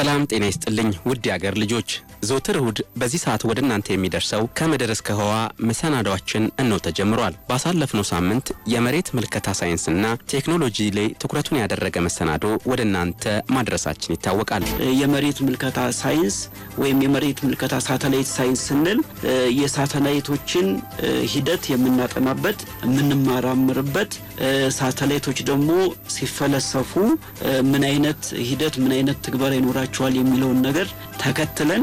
ሰላም ጤና ይስጥልኝ ውድ የአገር ልጆች፣ ዘወትር እሁድ በዚህ ሰዓት ወደ እናንተ የሚደርሰው ከምድር እስከ ህዋ መሰናዷችን ተጀምሯል። ባሳለፍነው ሳምንት የመሬት ምልከታ ሳይንስና ቴክኖሎጂ ላይ ትኩረቱን ያደረገ መሰናዶ ወደ እናንተ ማድረሳችን ይታወቃል። የመሬት ምልከታ ሳይንስ ወይም የመሬት ምልከታ ሳተላይት ሳይንስ ስንል የሳተላይቶችን ሂደት የምናጠናበት የምንማራምርበት ሳተላይቶች ደግሞ ሲፈለሰፉ ምን አይነት ሂደት ምን አይነት ትግበራ ይኖራቸው ይጠቅማቸዋል የሚለውን ነገር ተከትለን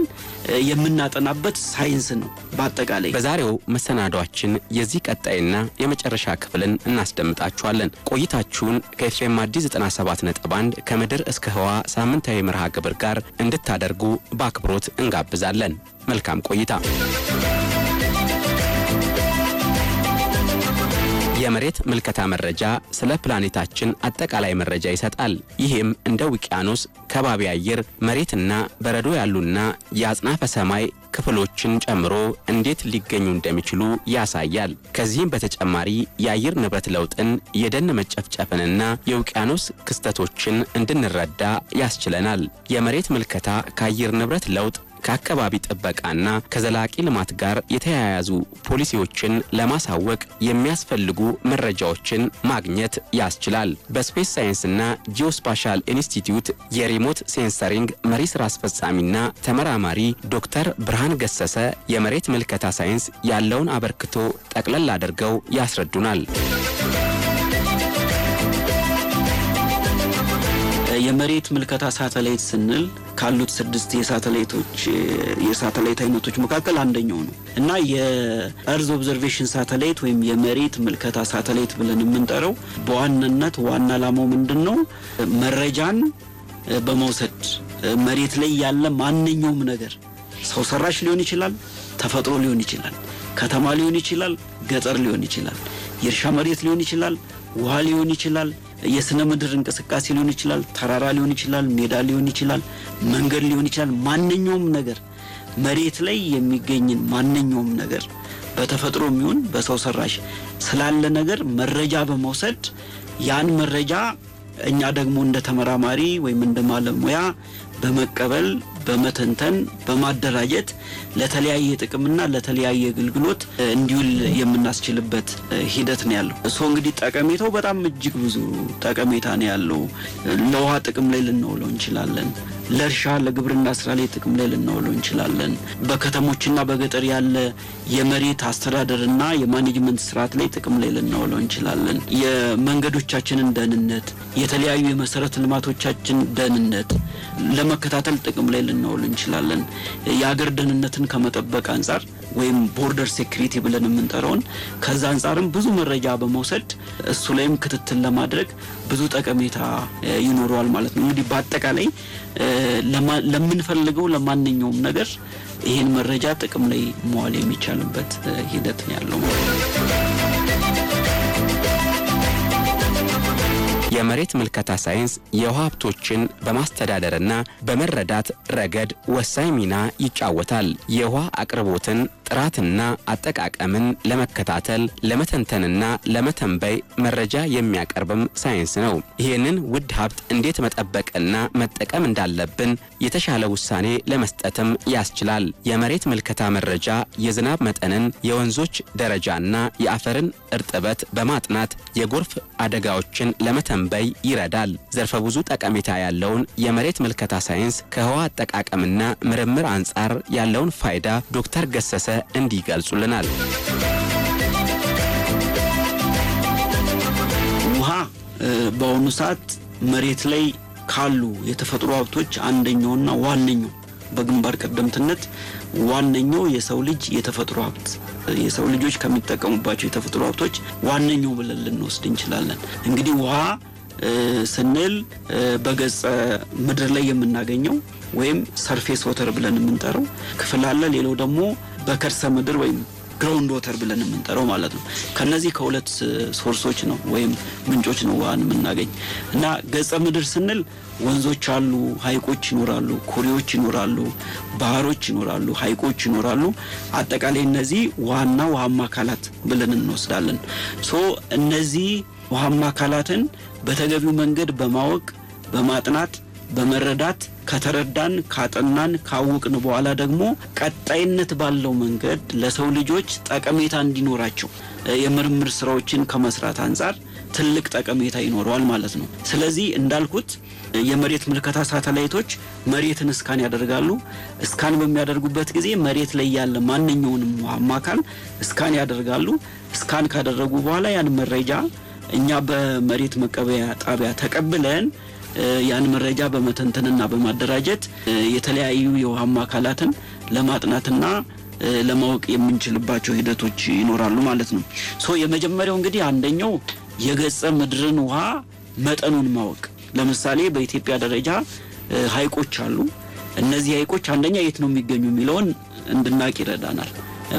የምናጠናበት ሳይንስ ነው። በአጠቃላይ በዛሬው መሰናዷችን የዚህ ቀጣይና የመጨረሻ ክፍልን እናስደምጣችኋለን። ቆይታችሁን ከኤፍኤም አዲስ 97 ነጥብ 1 ከምድር እስከ ህዋ ሳምንታዊ መርሃ ግብር ጋር እንድታደርጉ በአክብሮት እንጋብዛለን። መልካም ቆይታ የመሬት ምልከታ መረጃ ስለ ፕላኔታችን አጠቃላይ መረጃ ይሰጣል። ይህም እንደ ውቅያኖስ፣ ከባቢ አየር፣ መሬትና በረዶ ያሉና የአጽናፈ ሰማይ ክፍሎችን ጨምሮ እንዴት ሊገኙ እንደሚችሉ ያሳያል። ከዚህም በተጨማሪ የአየር ንብረት ለውጥን፣ የደን መጨፍጨፍንና የውቅያኖስ ክስተቶችን እንድንረዳ ያስችለናል። የመሬት ምልከታ ከአየር ንብረት ለውጥ ከአካባቢ ጥበቃና ከዘላቂ ልማት ጋር የተያያዙ ፖሊሲዎችን ለማሳወቅ የሚያስፈልጉ መረጃዎችን ማግኘት ያስችላል። በስፔስ ሳይንስና ጂኦስፓሻል ኢንስቲትዩት የሪሞት ሴንሰሪንግ መሪ ስራ አስፈጻሚና ተመራማሪ ዶክተር ብርሃን ገሰሰ የመሬት ምልከታ ሳይንስ ያለውን አበርክቶ ጠቅለል አድርገው ያስረዱናል። የመሬት ምልከታ ሳተላይት ስንል ካሉት ስድስት የሳተላይቶች የሳተላይት አይነቶች መካከል አንደኛው ነው እና የእርዝ ኦብዘርቬሽን ሳተላይት ወይም የመሬት ምልከታ ሳተላይት ብለን የምንጠራው በዋናነት ዋና ዓላማው ምንድን ነው? መረጃን በመውሰድ መሬት ላይ ያለ ማንኛውም ነገር ሰው ሰራሽ ሊሆን ይችላል፣ ተፈጥሮ ሊሆን ይችላል፣ ከተማ ሊሆን ይችላል፣ ገጠር ሊሆን ይችላል፣ የእርሻ መሬት ሊሆን ይችላል፣ ውሃ ሊሆን ይችላል የስነ ምድር እንቅስቃሴ ሊሆን ይችላል፣ ተራራ ሊሆን ይችላል፣ ሜዳ ሊሆን ይችላል፣ መንገድ ሊሆን ይችላል። ማንኛውም ነገር መሬት ላይ የሚገኝን ማንኛውም ነገር በተፈጥሮ የሚሆን በሰው ሰራሽ ስላለ ነገር መረጃ በመውሰድ ያን መረጃ እኛ ደግሞ እንደ ተመራማሪ ወይም እንደ ባለሙያ በመቀበል በመተንተን በማደራጀት ለተለያየ ጥቅምና ለተለያየ አገልግሎት እንዲውል የምናስችልበት ሂደት ነው ያለው። እሱ እንግዲህ ጠቀሜታው በጣም እጅግ ብዙ ጠቀሜታ ነው ያለው። ለውሃ ጥቅም ላይ ልናውለው እንችላለን። ለእርሻ ለግብርና ስራ ላይ ጥቅም ላይ ልናውለው እንችላለን። በከተሞችና በገጠር ያለ የመሬት አስተዳደርና የማኔጅመንት ስርዓት ላይ ጥቅም ላይ ልናውለው እንችላለን። የመንገዶቻችንን ደህንነት፣ የተለያዩ የመሰረተ ልማቶቻችን ደህንነት ለመከታተል ጥቅም ላይ ልናውል እንችላለን። የአገር ደህንነትን ከመጠበቅ አንጻር ወይም ቦርደር ሴኩሪቲ ብለን የምንጠራውን ከዛ አንጻርም ብዙ መረጃ በመውሰድ እሱ ላይም ክትትል ለማድረግ ብዙ ጠቀሜታ ይኖረዋል ማለት ነው። እንግዲህ በአጠቃላይ ለምንፈልገው ለማንኛውም ነገር ይህን መረጃ ጥቅም ላይ መዋል የሚቻልበት ሂደት ነው ያለው። የመሬት ምልከታ ሳይንስ የውሃ ሀብቶችን በማስተዳደርና በመረዳት ረገድ ወሳኝ ሚና ይጫወታል። የውሃ አቅርቦትን ጥራትና አጠቃቀምን ለመከታተል ለመተንተንና ለመተንበይ መረጃ የሚያቀርብም ሳይንስ ነው። ይህንን ውድ ሀብት እንዴት መጠበቅና መጠቀም እንዳለብን የተሻለ ውሳኔ ለመስጠትም ያስችላል። የመሬት ምልከታ መረጃ የዝናብ መጠንን፣ የወንዞች ደረጃና የአፈርን እርጥበት በማጥናት የጎርፍ አደጋዎችን ለመተንበይ ይረዳል። ዘርፈ ብዙ ጠቀሜታ ያለውን የመሬት ምልከታ ሳይንስ ከህዋ አጠቃቀምና ምርምር አንጻር ያለውን ፋይዳ ዶክተር ገሰሰ እንዲህ ይገልጹልናል። ውሃ በአሁኑ ሰዓት መሬት ላይ ካሉ የተፈጥሮ ሀብቶች አንደኛውና ዋነኛው በግንባር ቀደምትነት ዋነኛው የሰው ልጅ የተፈጥሮ ሀብት የሰው ልጆች ከሚጠቀሙባቸው የተፈጥሮ ሀብቶች ዋነኛው ብለን ልንወስድ እንችላለን። እንግዲህ ውሃ ስንል በገጸ ምድር ላይ የምናገኘው ወይም ሰርፌስ ወተር ብለን የምንጠራው ክፍል አለ። ሌላው ደግሞ በከርሰ ምድር ወይም ግራውንድ ወተር ብለን የምንጠራው ማለት ነው። ከነዚህ ከሁለት ሶርሶች ነው ወይም ምንጮች ነው ውሃን የምናገኝ እና ገጸ ምድር ስንል ወንዞች አሉ፣ ሀይቆች ይኖራሉ፣ ኩሬዎች ይኖራሉ፣ ባህሮች ይኖራሉ፣ ሀይቆች ይኖራሉ። አጠቃላይ እነዚህ ውሃና ውሃማ አካላት ብለን እንወስዳለን። ሶ እነዚህ ውሃማ አካላትን በተገቢው መንገድ በማወቅ በማጥናት በመረዳት ከተረዳን ካጠናን ካወቅን በኋላ ደግሞ ቀጣይነት ባለው መንገድ ለሰው ልጆች ጠቀሜታ እንዲኖራቸው የምርምር ስራዎችን ከመስራት አንጻር ትልቅ ጠቀሜታ ይኖረዋል ማለት ነው። ስለዚህ እንዳልኩት የመሬት ምልከታ ሳተላይቶች መሬትን እስካን ያደርጋሉ። እስካን በሚያደርጉበት ጊዜ መሬት ላይ ያለ ማንኛውንም ውሃማ አካል እስካን ያደርጋሉ። እስካን ካደረጉ በኋላ ያን መረጃ እኛ በመሬት መቀበያ ጣቢያ ተቀብለን ያን መረጃ በመተንተንና በማደራጀት የተለያዩ የውሃማ አካላትን ለማጥናትና ለማወቅ የምንችልባቸው ሂደቶች ይኖራሉ ማለት ነው። ሶ የመጀመሪያው እንግዲህ አንደኛው የገጸ ምድርን ውሃ መጠኑን ማወቅ። ለምሳሌ በኢትዮጵያ ደረጃ ሀይቆች አሉ። እነዚህ ሀይቆች አንደኛ የት ነው የሚገኙ የሚለውን እንድናቅ ይረዳናል።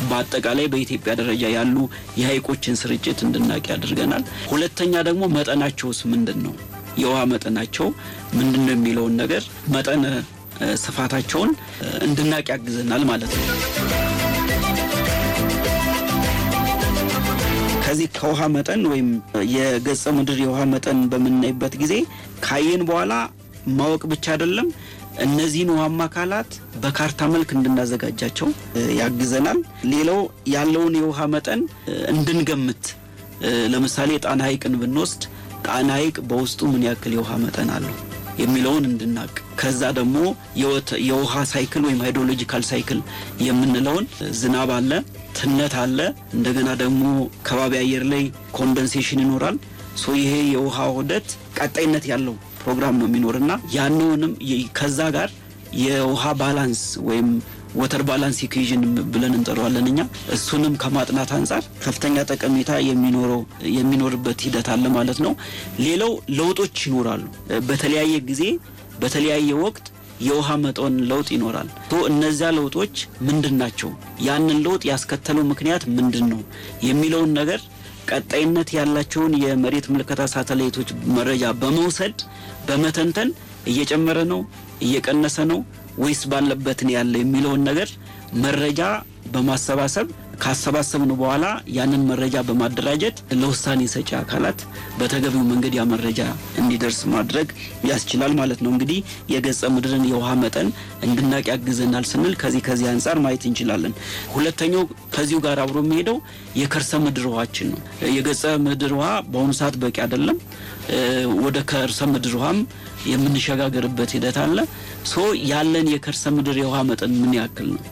በአጠቃላይ በኢትዮጵያ ደረጃ ያሉ የሀይቆችን ስርጭት እንድናቅ ያደርገናል። ሁለተኛ ደግሞ መጠናቸውስ ምንድን ነው? የውሃ መጠናቸው ምንድን ነው የሚለውን ነገር መጠን ስፋታቸውን እንድናቅ ያግዘናል ማለት ነው። ከዚህ ከውሃ መጠን ወይም የገጸ ምድር የውሃ መጠን በምናይበት ጊዜ ካየን በኋላ ማወቅ ብቻ አይደለም፣ እነዚህን ውሃማ አካላት በካርታ መልክ እንድናዘጋጃቸው ያግዘናል። ሌላው ያለውን የውሃ መጠን እንድንገምት ለምሳሌ ጣና ሐይቅን ብንወስድ ጣና ሐይቅ በውስጡ ምን ያክል የውሃ መጠን አለው የሚለውን እንድናቅ ከዛ ደግሞ የውሃ ሳይክል ወይም ሃይድሮሎጂካል ሳይክል የምንለውን ዝናብ አለ፣ ትነት አለ፣ እንደገና ደግሞ ከባቢ አየር ላይ ኮንደንሴሽን ይኖራል። ሶ ይሄ የውሃ ውህደት ቀጣይነት ያለው ፕሮግራም ነው የሚኖርና ያንንም ከዛ ጋር የውሃ ባላንስ ወይም ወተር ባላንስ ኢኩዌዥን ብለን እንጠራዋለን እኛ። እሱንም ከማጥናት አንጻር ከፍተኛ ጠቀሜታ የሚኖረው የሚኖርበት ሂደት አለ ማለት ነው። ሌላው ለውጦች ይኖራሉ። በተለያየ ጊዜ በተለያየ ወቅት የውሃ መጠን ለውጥ ይኖራል። እነዚያ ለውጦች ምንድን ናቸው? ያንን ለውጥ ያስከተለው ምክንያት ምንድን ነው የሚለውን ነገር ቀጣይነት ያላቸውን የመሬት ምልከታ ሳተላይቶች መረጃ በመውሰድ በመተንተን እየጨመረ ነው እየቀነሰ ነው ወይስ ባለበት ነው ያለ የሚለውን ነገር መረጃ በማሰባሰብ ካሰባሰብን በኋላ ያንን መረጃ በማደራጀት ለውሳኔ ሰጪ አካላት በተገቢው መንገድ ያ መረጃ እንዲደርስ ማድረግ ያስችላል ማለት ነው። እንግዲህ የገጸ ምድርን የውሃ መጠን እንድናቅ ያግዘናል ስንል ከዚህ ከዚህ አንጻር ማየት እንችላለን። ሁለተኛው ከዚሁ ጋር አብሮ የሚሄደው የከርሰ ምድር ውሃችን ነው። የገጸ ምድር ውሃ በአሁኑ ሰዓት በቂ አይደለም። ወደ ከርሰ ምድር ውሃም የምንሸጋገርበት ሂደት አለ። ሶ ያለን የከርሰ ምድር የውሃ መጠን ምን ያክል ነው?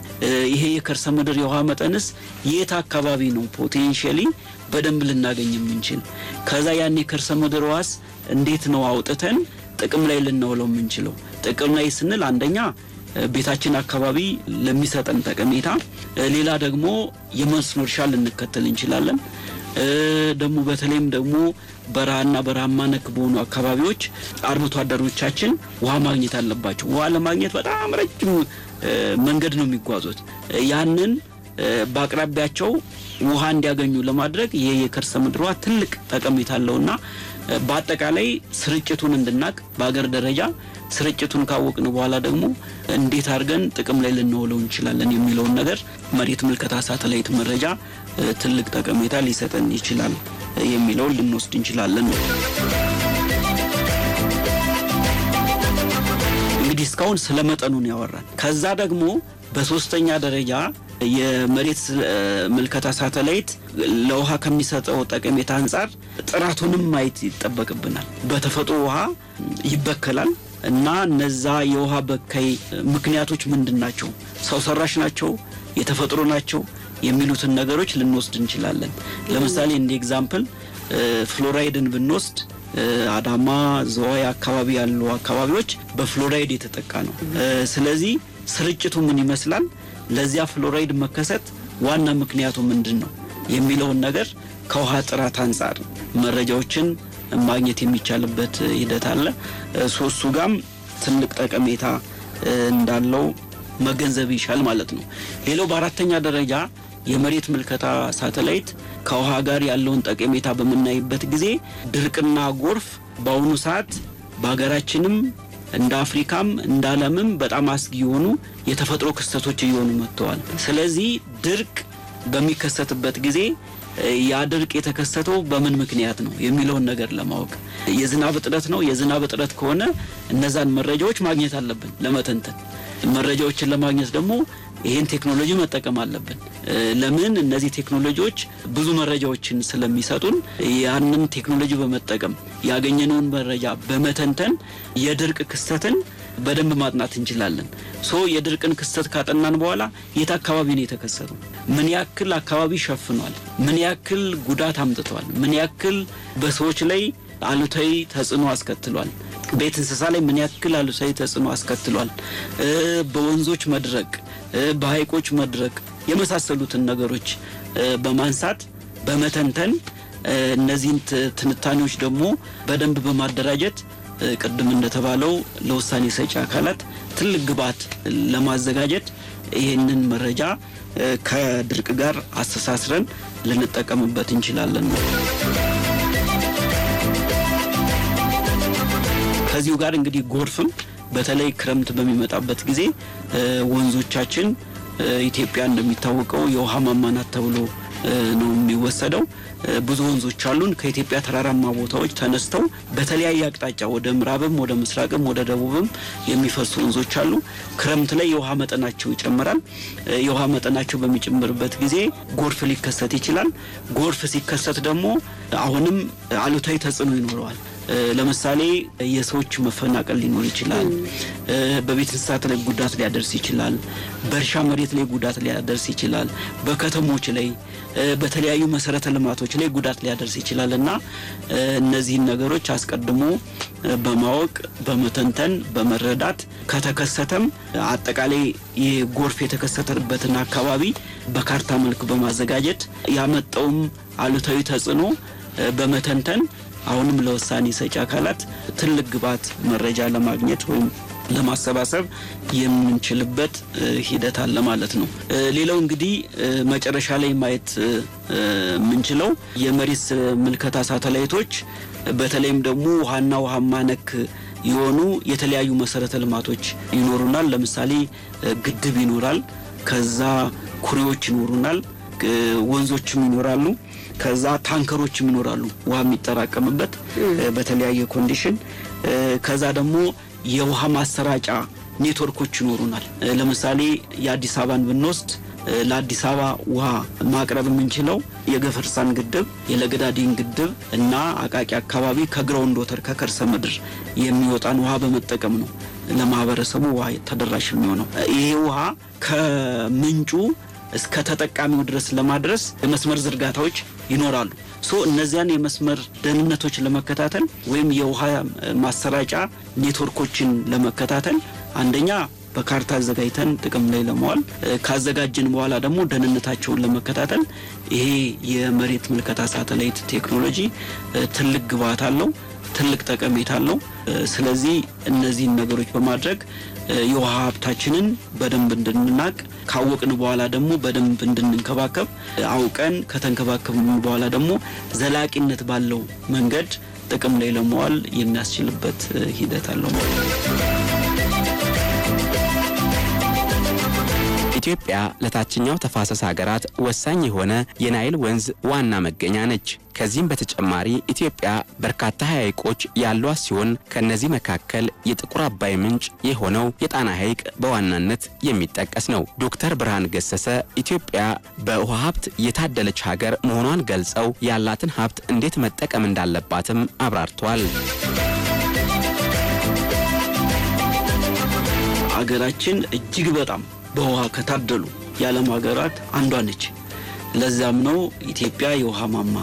ይሄ የከርሰ ምድር የውሃ መጠንስ የት አካባቢ ነው ፖቴንሽሊ በደንብ ልናገኝ የምንችል? ከዛ ያን የከርሰ ምድር ዋስ እንዴት ነው አውጥተን ጥቅም ላይ ልናውለው የምንችለው? ጥቅም ላይ ስንል አንደኛ ቤታችን አካባቢ ለሚሰጠን ጠቀሜታ፣ ሌላ ደግሞ የመስኖ እርሻ ልንከተል እንችላለን። ደግሞ በተለይም ደግሞ በረሃና በረሃማ ነክ በሆኑ አካባቢዎች አርብቶ አደሮቻችን ውሃ ማግኘት አለባቸው። ውሃ ለማግኘት በጣም ረጅም መንገድ ነው የሚጓዙት። ያንን በአቅራቢያቸው ውሃ እንዲያገኙ ለማድረግ ይህ የከርሰ ምድር ውሃ ትልቅ ጠቀሜታ አለውና በአጠቃላይ ስርጭቱን እንድናቅ በአገር ደረጃ ስርጭቱን ካወቅን በኋላ ደግሞ እንዴት አድርገን ጥቅም ላይ ልንውለው እንችላለን የሚለውን ነገር መሬት ምልከታ ሳተላይት መረጃ ትልቅ ጠቀሜታ ሊሰጠን ይችላል የሚለውን ልንወስድ እንችላለን። እንግዲህ እስካሁን ስለ መጠኑን ያወራል። ከዛ ደግሞ በሶስተኛ ደረጃ የመሬት ምልከታ ሳተላይት ለውሃ ከሚሰጠው ጠቀሜታ አንጻር ጥራቱንም ማየት ይጠበቅብናል። በተፈጥሮ ውሃ ይበከላል እና እነዛ የውሃ በካይ ምክንያቶች ምንድን ናቸው? ሰው ሰራሽ ናቸው? የተፈጥሮ ናቸው? የሚሉትን ነገሮች ልንወስድ እንችላለን። ለምሳሌ እንደ ኤግዛምፕል ፍሎራይድን ብንወስድ አዳማ፣ ዘዋይ አካባቢ ያሉ አካባቢዎች በፍሎራይድ የተጠቃ ነው። ስለዚህ ስርጭቱ ምን ይመስላል፣ ለዚያ ፍሎራይድ መከሰት ዋና ምክንያቱ ምንድን ነው የሚለውን ነገር ከውሃ ጥራት አንጻር መረጃዎችን ማግኘት የሚቻልበት ሂደት አለ። ሶሱ ጋም ትልቅ ጠቀሜታ እንዳለው መገንዘብ ይሻል ማለት ነው። ሌላው በአራተኛ ደረጃ የመሬት ምልከታ ሳተላይት ከውሃ ጋር ያለውን ጠቀሜታ በምናይበት ጊዜ ድርቅና ጎርፍ በአሁኑ ሰዓት በሀገራችንም እንደ አፍሪካም እንደ ዓለምም በጣም አስጊ የሆኑ የተፈጥሮ ክስተቶች እየሆኑ መጥተዋል። ስለዚህ ድርቅ በሚከሰትበት ጊዜ ያ ድርቅ የተከሰተው በምን ምክንያት ነው የሚለውን ነገር ለማወቅ የዝናብ እጥረት ነው። የዝናብ እጥረት ከሆነ እነዛን መረጃዎች ማግኘት አለብን ለመተንተን። መረጃዎችን ለማግኘት ደግሞ ይህን ቴክኖሎጂ መጠቀም አለብን። ለምን? እነዚህ ቴክኖሎጂዎች ብዙ መረጃዎችን ስለሚሰጡን ያንን ቴክኖሎጂ በመጠቀም ያገኘነውን መረጃ በመተንተን የድርቅ ክስተትን በደንብ ማጥናት እንችላለን። ሶ የድርቅን ክስተት ካጠናን በኋላ የት አካባቢ ነው የተከሰተው፣ ምን ያክል አካባቢ ሸፍኗል፣ ምን ያክል ጉዳት አምጥቷል፣ ምን ያክል በሰዎች ላይ አሉታዊ ተጽዕኖ አስከትሏል፣ ቤት እንስሳ ላይ ምን ያክል አሉታዊ ተጽዕኖ አስከትሏል፣ በወንዞች መድረቅ በሀይቆች መድረክ የመሳሰሉትን ነገሮች በማንሳት በመተንተን እነዚህን ትንታኔዎች ደግሞ በደንብ በማደራጀት ቅድም እንደተባለው ለውሳኔ ሰጪ አካላት ትልቅ ግብዓት ለማዘጋጀት ይህንን መረጃ ከድርቅ ጋር አስተሳስረን ልንጠቀምበት እንችላለን። ከዚሁ ጋር እንግዲህ ጎርፍም በተለይ ክረምት በሚመጣበት ጊዜ ወንዞቻችን ኢትዮጵያ እንደሚታወቀው የውሃ ማማናት ተብሎ ነው የሚወሰደው። ብዙ ወንዞች አሉን። ከኢትዮጵያ ተራራማ ቦታዎች ተነስተው በተለያየ አቅጣጫ ወደ ምዕራብም፣ ወደ ምስራቅም፣ ወደ ደቡብም የሚፈሱ ወንዞች አሉ። ክረምት ላይ የውሃ መጠናቸው ይጨምራል። የውሃ መጠናቸው በሚጨምርበት ጊዜ ጎርፍ ሊከሰት ይችላል። ጎርፍ ሲከሰት ደግሞ አሁንም አሉታዊ ተጽዕኖ ይኖረዋል። ለምሳሌ የሰዎች መፈናቀል ሊኖር ይችላል። በቤት እንስሳት ላይ ጉዳት ሊያደርስ ይችላል። በእርሻ መሬት ላይ ጉዳት ሊያደርስ ይችላል። በከተሞች ላይ በተለያዩ መሰረተ ልማቶች ላይ ጉዳት ሊያደርስ ይችላል እና እነዚህን ነገሮች አስቀድሞ በማወቅ በመተንተን በመረዳት ከተከሰተም አጠቃላይ ጎርፍ የተከሰተበትን አካባቢ በካርታ መልክ በማዘጋጀት ያመጣውም አሉታዊ ተጽዕኖ በመተንተን አሁንም ለውሳኔ ሰጪ አካላት ትልቅ ግብዓት መረጃ ለማግኘት ወይም ለማሰባሰብ የምንችልበት ሂደት አለ ማለት ነው። ሌላው እንግዲህ መጨረሻ ላይ ማየት የምንችለው የመሬት ምልከታ ሳተላይቶች በተለይም ደግሞ ውሃና ውሃማ ነክ የሆኑ የተለያዩ መሰረተ ልማቶች ይኖሩናል። ለምሳሌ ግድብ ይኖራል፣ ከዛ ኩሬዎች ይኖሩናል፣ ወንዞችም ይኖራሉ። ከዛ ታንከሮችም ይኖራሉ ውሃ የሚጠራቀምበት በተለያየ ኮንዲሽን። ከዛ ደግሞ የውሃ ማሰራጫ ኔትወርኮች ይኖሩናል። ለምሳሌ የአዲስ አበባን ብንወስድ ለአዲስ አበባ ውሃ ማቅረብ የምንችለው የገፈርሳን ግድብ፣ የለገዳዲን ግድብ እና አቃቂ አካባቢ ከግራውንድ ወተር ከከርሰ ምድር የሚወጣን ውሃ በመጠቀም ነው ለማህበረሰቡ ውሃ ተደራሽ የሚሆነው። ይሄ ውሃ ከምንጩ እስከ ተጠቃሚው ድረስ ለማድረስ የመስመር ዝርጋታዎች ይኖራሉ። ሶ እነዚያን የመስመር ደህንነቶች ለመከታተል ወይም የውሃ ማሰራጫ ኔትወርኮችን ለመከታተል አንደኛ በካርታ አዘጋጅተን ጥቅም ላይ ለመዋል ካዘጋጀን በኋላ ደግሞ ደህንነታቸውን ለመከታተል ይሄ የመሬት ምልከታ ሳተላይት ቴክኖሎጂ ትልቅ ግብዓት አለው። ትልቅ ጠቀሜታ አለው። ስለዚህ እነዚህን ነገሮች በማድረግ የውሃ ሀብታችንን በደንብ እንድናቅ ካወቅን በኋላ ደግሞ በደንብ እንድንንከባከብ አውቀን ከተንከባከብን በኋላ ደግሞ ዘላቂነት ባለው መንገድ ጥቅም ላይ ለመዋል የሚያስችልበት ሂደት አለው። ኢትዮጵያ ለታችኛው ተፋሰስ ሀገራት ወሳኝ የሆነ የናይል ወንዝ ዋና መገኛ ነች። ከዚህም በተጨማሪ ኢትዮጵያ በርካታ ሐይቆች ያሏት ሲሆን ከእነዚህ መካከል የጥቁር አባይ ምንጭ የሆነው የጣና ሐይቅ በዋናነት የሚጠቀስ ነው። ዶክተር ብርሃን ገሰሰ ኢትዮጵያ በውሃ ሀብት የታደለች ሀገር መሆኗን ገልጸው ያላትን ሀብት እንዴት መጠቀም እንዳለባትም አብራርቷል። ሀገራችን እጅግ በጣም በውሃ ከታደሉ የዓለም ሀገራት አንዷ ነች። ለዛም ነው ኢትዮጵያ የውሃ ማማ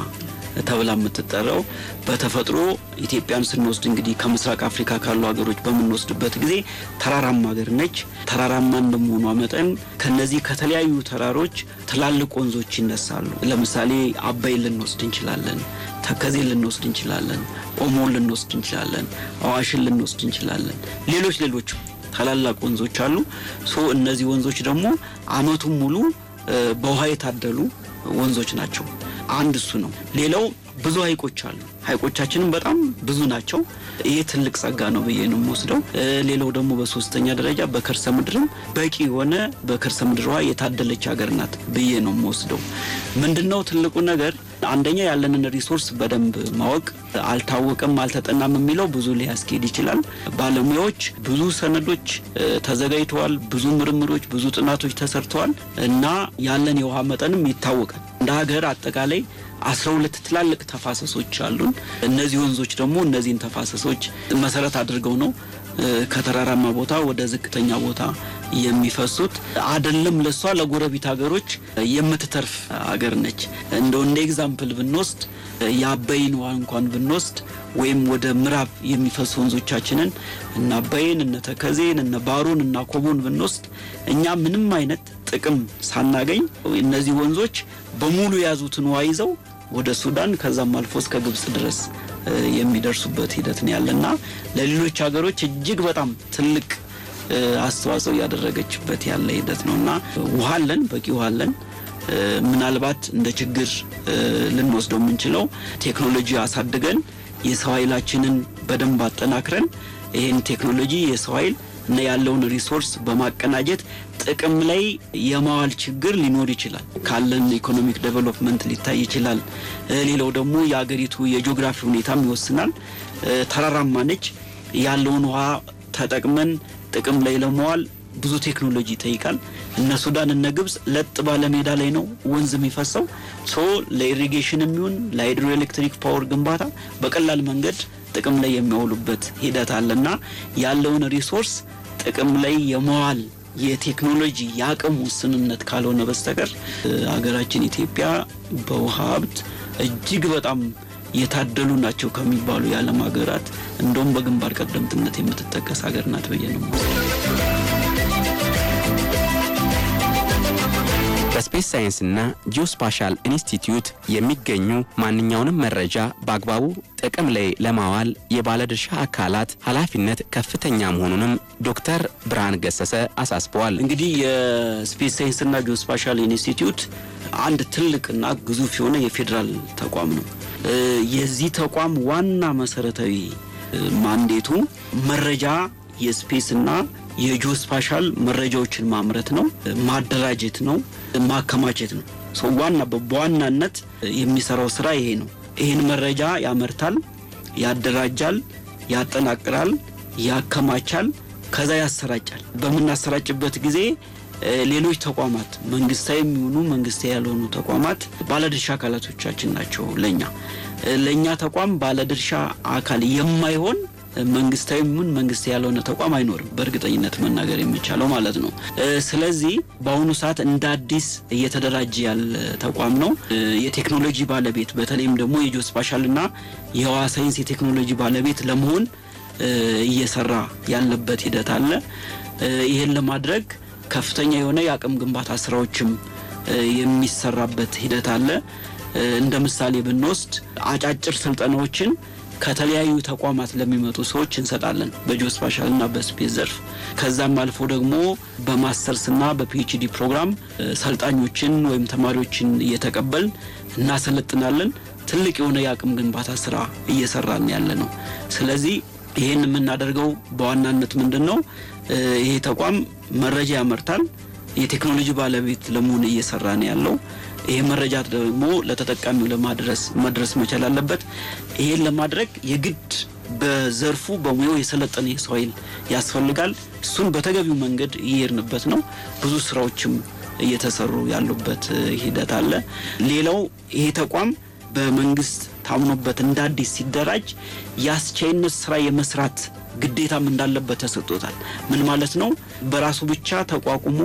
ተብላ የምትጠራው። በተፈጥሮ ኢትዮጵያን ስንወስድ እንግዲህ ከምስራቅ አፍሪካ ካሉ ሀገሮች በምንወስድበት ጊዜ ተራራማ ሀገር ነች። ተራራማ እንደመሆኗ መጠን ከነዚህ ከተለያዩ ተራሮች ትላልቅ ወንዞች ይነሳሉ። ለምሳሌ አባይ ልንወስድ እንችላለን፣ ተከዜ ልንወስድ እንችላለን፣ ኦሞን ልንወስድ እንችላለን፣ አዋሽን ልንወስድ እንችላለን፣ ሌሎች ሌሎችም ታላላቅ ወንዞች አሉ። ሶ እነዚህ ወንዞች ደግሞ አመቱን ሙሉ በውሃ የታደሉ ወንዞች ናቸው። አንድ እሱ ነው። ሌላው ብዙ ሀይቆች አሉ። ሀይቆቻችንም በጣም ብዙ ናቸው። ይሄ ትልቅ ጸጋ ነው ብዬ ነው የምወስደው። ሌላው ደግሞ በሶስተኛ ደረጃ በከርሰ ምድርም በቂ የሆነ በከርሰ ምድር ውሃ የታደለች ሀገር ናት ብዬ ነው የምወስደው። ምንድነው ትልቁ ነገር አንደኛ ያለንን ሪሶርስ በደንብ ማወቅ አልታወቀም፣ አልተጠናም የሚለው ብዙ ሊያስኬድ ይችላል። ባለሙያዎች ብዙ ሰነዶች ተዘጋጅተዋል፣ ብዙ ምርምሮች፣ ብዙ ጥናቶች ተሰርተዋል እና ያለን የውሃ መጠንም ይታወቃል። እንደ ሀገር አጠቃላይ አስራ ሁለት ትላልቅ ተፋሰሶች አሉን። እነዚህ ወንዞች ደግሞ እነዚህን ተፋሰሶች መሰረት አድርገው ነው ከተራራማ ቦታ ወደ ዝቅተኛ ቦታ የሚፈሱት አደለም። ለሷ ለጎረቤት ሀገሮች የምትተርፍ ሀገር ነች። እንደው እንደ ኤግዛምፕል ብንወስድ የአባይን ውሃ እንኳን ብንወስድ ወይም ወደ ምዕራብ የሚፈሱ ወንዞቻችንን እነ አባይን፣ እነ ተከዜን፣ እነ ባሮን እና ኮቦን ብንወስድ እኛ ምንም አይነት ጥቅም ሳናገኝ እነዚህ ወንዞች በሙሉ የያዙትን ውሃ ይዘው ወደ ሱዳን ከዛም አልፎ እስከ ግብጽ ድረስ የሚደርሱበት ሂደት ነው ያለና ለሌሎች ሀገሮች እጅግ በጣም ትልቅ አስተዋጽኦ እያደረገችበት ያለ ሂደት ነው እና ውሃ አለን፣ በቂ ውሃ አለን። ምናልባት እንደ ችግር ልንወስደው የምንችለው ቴክኖሎጂ አሳድገን የሰው ኃይላችንን በደንብ አጠናክረን ይህን ቴክኖሎጂ የሰው ኃይል እና ያለውን ሪሶርስ በማቀናጀት ጥቅም ላይ የማዋል ችግር ሊኖር ይችላል። ካለን ኢኮኖሚክ ዴቨሎፕመንት ሊታይ ይችላል። ሌላው ደግሞ የአገሪቱ የጂኦግራፊ ሁኔታም ይወስናል። ተራራማ ነች። ያለውን ውሃ ተጠቅመን ጥቅም ላይ ለመዋል ብዙ ቴክኖሎጂ ይጠይቃል። እነ ሱዳን እነ ግብጽ ለጥ ባለ ሜዳ ላይ ነው ወንዝ የሚፈሰው። ሶ ለኢሪጌሽን የሚሆን ለሃይድሮ ኤሌክትሪክ ፓወር ግንባታ በቀላል መንገድ ጥቅም ላይ የሚያውሉበት ሂደት አለና ያለውን ሪሶርስ ጥቅም ላይ የመዋል የቴክኖሎጂ የአቅም ውስንነት ካልሆነ በስተቀር ሀገራችን ኢትዮጵያ በውሃ ሀብት እጅግ በጣም የታደሉ ናቸው ከሚባሉ የዓለም ሀገራት እንደውም በግንባር ቀደምትነት የምትጠቀስ ሀገር ናት ብዬ ነው። በስፔስ ሳይንስና ጂኦስፓሻል ኢንስቲትዩት የሚገኙ ማንኛውንም መረጃ በአግባቡ ጥቅም ላይ ለማዋል የባለድርሻ አካላት ኃላፊነት ከፍተኛ መሆኑንም ዶክተር ብርሃን ገሰሰ አሳስበዋል። እንግዲህ የስፔስ ሳይንስና ጂኦስፓሻል ኢንስቲትዩት አንድ ትልቅና ግዙፍ የሆነ የፌዴራል ተቋም ነው። የዚህ ተቋም ዋና መሰረታዊ ማንዴቱ መረጃ የስፔስና የጂኦስፓሻል መረጃዎችን ማምረት ነው፣ ማደራጀት ነው፣ ማከማቸት ነው። ዋና በዋናነት የሚሰራው ስራ ይሄ ነው። ይህን መረጃ ያመርታል፣ ያደራጃል፣ ያጠናቅራል፣ ያከማቻል፣ ከዛ ያሰራጫል። በምናሰራጭበት ጊዜ ሌሎች ተቋማት መንግስታዊ የሚሆኑ መንግስታዊ ያልሆኑ ተቋማት ባለድርሻ አካላቶቻችን ናቸው። ለኛ ለእኛ ተቋም ባለድርሻ አካል የማይሆን መንግስታዊ ምን መንግስት ያልሆነ ተቋም አይኖርም፣ በእርግጠኝነት መናገር የሚቻለው ማለት ነው። ስለዚህ በአሁኑ ሰዓት እንደ አዲስ እየተደራጀ ያለ ተቋም ነው። የቴክኖሎጂ ባለቤት በተለይም ደግሞ የጂኦ የህዋ ሳይንስ የቴክኖሎጂ ባለቤት ለመሆን እየሰራ ያለበት ሂደት አለ። ይህን ለማድረግ ከፍተኛ የሆነ የአቅም ግንባታ ስራዎችም የሚሰራበት ሂደት አለ። እንደ ምሳሌ ብንወስድ አጫጭር ስልጠናዎችን ከተለያዩ ተቋማት ለሚመጡ ሰዎች እንሰጣለን በጂኦስፓሻል እና በስፔስ ዘርፍ። ከዛም አልፎ ደግሞ በማስተርስ በፒኤችዲ ፕሮግራም ሰልጣኞችን ወይም ተማሪዎችን እየተቀበል እናሰለጥናለን። ትልቅ የሆነ የአቅም ግንባታ ስራ እየሰራን ያለ ነው። ስለዚህ ይህን የምናደርገው በዋናነት ምንድን ነው ይሄ ተቋም መረጃ ያመርታል። የቴክኖሎጂ ባለቤት ለመሆን እየሰራ ነው ያለው። ይሄ መረጃ ደግሞ ለተጠቃሚው ለማድረስ መድረስ መቻል አለበት። ይሄን ለማድረግ የግድ በዘርፉ በሙያው የሰለጠነ የሰው ኃይል ያስፈልጋል። እሱን በተገቢው መንገድ እየሄድንበት ነው። ብዙ ስራዎችም እየተሰሩ ያሉበት ሂደት አለ። ሌላው ይሄ ተቋም በመንግስት ታምኖበት እንደ አዲስ ሲደራጅ የአስቻይነት ስራ የመስራት ግዴታም እንዳለበት ተሰጥቶታል። ምን ማለት ነው? በራሱ ብቻ ተቋቁሞ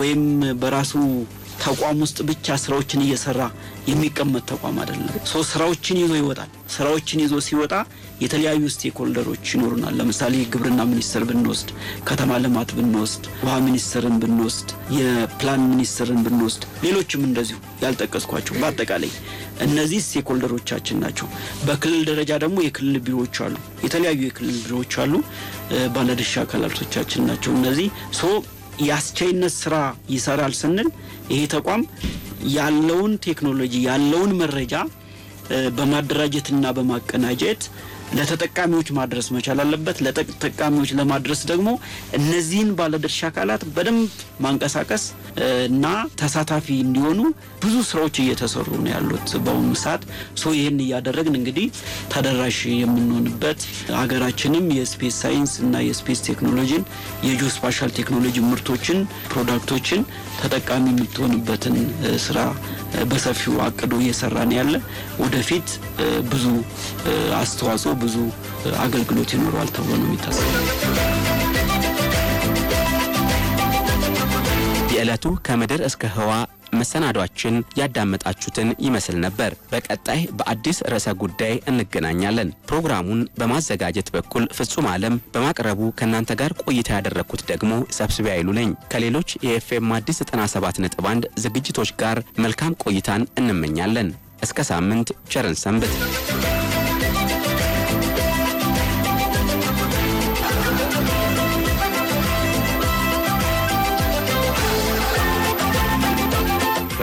ወይም በራሱ ተቋም ውስጥ ብቻ ስራዎችን እየሰራ የሚቀመጥ ተቋም አይደለም። ስራዎችን ይዞ ይወጣል። ስራዎችን ይዞ ሲወጣ የተለያዩ ስቴክሆልደሮች ይኖሩናል። ለምሳሌ ግብርና ሚኒስቴር ብንወስድ፣ ከተማ ልማት ብንወስድ፣ ውሃ ሚኒስቴርን ብንወስድ፣ የፕላን ሚኒስቴርን ብንወስድ፣ ሌሎችም እንደዚሁ ያልጠቀስኳቸው በአጠቃላይ እነዚህ ስቴክሆልደሮቻችን ናቸው። በክልል ደረጃ ደግሞ የክልል ቢሮዎች አሉ። የተለያዩ የክልል ቢሮዎች አሉ። ባለድርሻ አካላቶቻችን ናቸው። እነዚህ ሶ የአስቻይነት ስራ ይሰራል ስንል ይሄ ተቋም ያለውን ቴክኖሎጂ ያለውን መረጃ በማደራጀትና በማቀናጀት ለተጠቃሚዎች ማድረስ መቻል አለበት። ለተጠቃሚዎች ለማድረስ ደግሞ እነዚህን ባለድርሻ አካላት በደንብ ማንቀሳቀስ እና ተሳታፊ እንዲሆኑ ብዙ ስራዎች እየተሰሩ ነው ያሉት በአሁኑ ሰዓት። ሶ ይህን እያደረግን እንግዲህ ተደራሽ የምንሆንበት ሀገራችንም የስፔስ ሳይንስ እና የስፔስ ቴክኖሎጂን ስፓሻል ቴክኖሎጂ ምርቶችን፣ ፕሮዳክቶችን ተጠቃሚ የምትሆንበትን ስራ በሰፊው አቅዶ ነው ያለ ወደፊት ብዙ አስተዋጽኦ ብዙ አገልግሎት ይኖረዋል ተብሎ ነው የሚታሰበው። የዕለቱ ከምድር እስከ ህዋ መሰናዷችን ያዳመጣችሁትን ይመስል ነበር። በቀጣይ በአዲስ ርዕሰ ጉዳይ እንገናኛለን። ፕሮግራሙን በማዘጋጀት በኩል ፍጹም ዓለም በማቅረቡ ከእናንተ ጋር ቆይታ ያደረግኩት ደግሞ ሰብስቤ አይሉ ነኝ። ከሌሎች የኤፍኤም አዲስ 97 ነጥብ 1 ዝግጅቶች ጋር መልካም ቆይታን እንመኛለን። እስከ ሳምንት ቸርን ሰንብት።